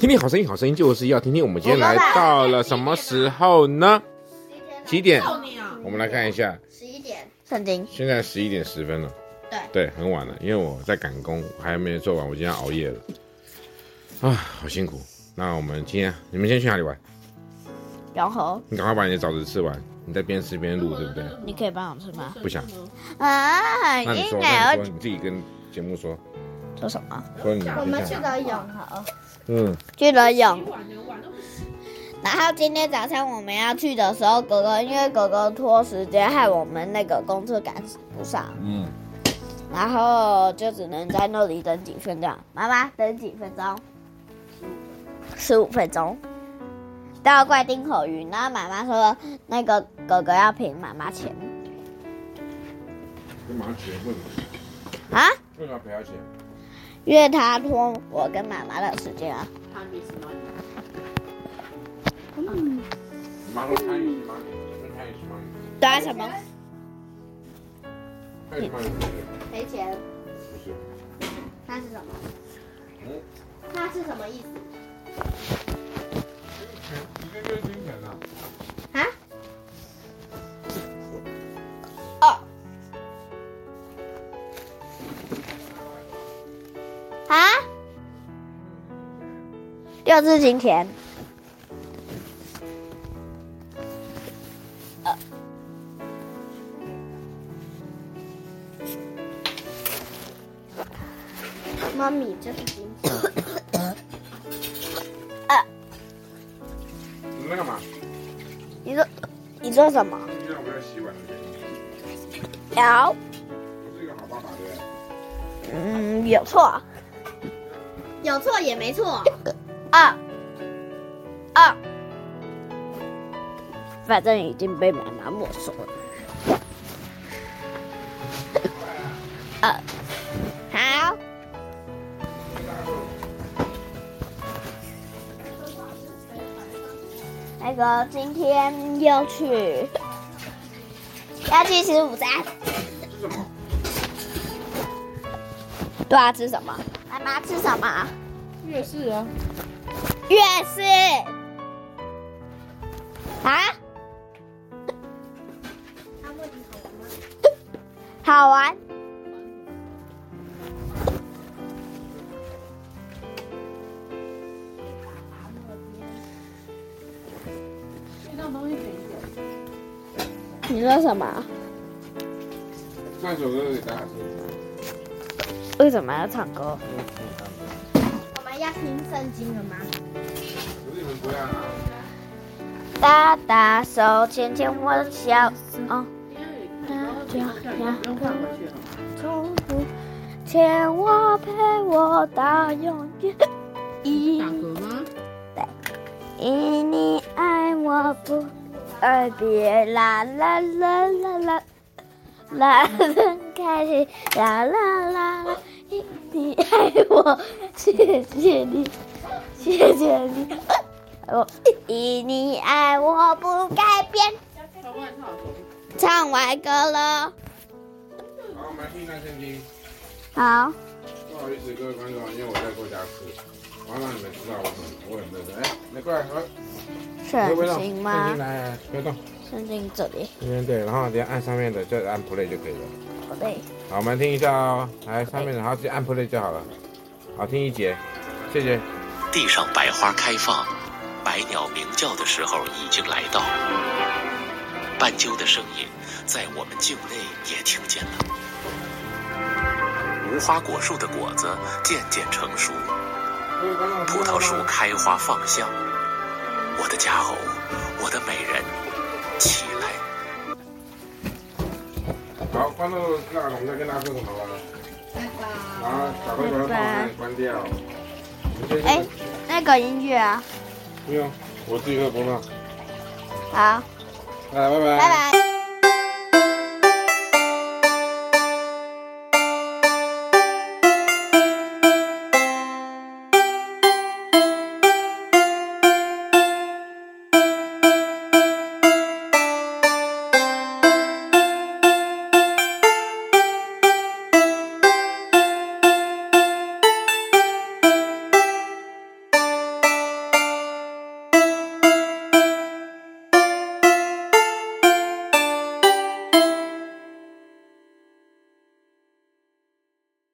聽聽好聲音，好聲音就是要聽聽。我們今天來到了什麼時候呢？幾點？我們來看一下。十一點，曾經。現在十一點十分了。對對，很晚了，因為我在趕工，還沒做完，我今天要熬夜了。啊，好辛苦。那我們今天，你們先去哪裡玩？然後，你趕快把你的棗子吃完，你在邊吃邊錄，對不對？你可以幫我吃嗎？不想。啊，那你說，那你說，你自己跟節目說。做什麼、嗯？我們去打游泳好，嗯，去打泳。然後今天早上我們要去的時候，哥哥因為哥哥拖時間，害我們那個公車趕不上，嗯，然後就只能在那裡等幾分鐘。媽媽等幾分鐘，十五分鐘，十都要怪丁口魚。那媽媽說，那個哥哥要賠媽媽錢。媽媽錢？為什麼？啊？為啥賠他錢？約他拖我跟媽媽的時間啊。嗯。打、啊嗯嗯、什麼？沒錢。沒錢是那是什麼？嗯、那是什麼意思？這是今天。呃、媽咪這是今天。啊、 呃！你們在幹嘛？你說，你說什麼？你要不要洗碗？有。我是個好爸爸，對。嗯，有錯。有錯也沒錯。二、哦、二、哦，反正已經被媽媽沒收了。呃、哦，好。那個今天要去，要去吃午餐吃。對啊，吃什麼？媽媽吃什麼？越是啊，越是啊？好玩，你說什麼？唱首歌給大家聽。為什麼要唱歌？要聽聖經了嗎？有點貴啊。大大手牽牽我小手，大腳丫，從不嫌我笨，牽我到永遠，因 因你愛我不二別，啦啦啦啦啦，啦啦啦啦啦啦啦。你愛我，謝謝你，謝謝你。愛我你愛我不改變。唱完歌了。好，聽。先好，不好意思各位觀眾，因為我在做家務，剛剛你們知道我很我很累的。哎，來快來。先聽嗎？別動，先聽這裡。邊對，然後你要按上面的，就按 play 就可以了。寶貝好，我們來聽一下哦，來上面，然後就按 play 就好了。好聽一節，謝謝。地上百花開放，百鳥鳴叫的時候已經來到，斑鳩的聲音在我們境內也聽見了。無花果樹的果子漸漸成熟，葡萄樹開花放香。我的佳偶，我的美人。那我們再跟他說什麼了？拜拜。啊，找個遙控關掉。哎、欸，那個音樂啊。不用，我自己關了。好、啊。拜拜。拜拜。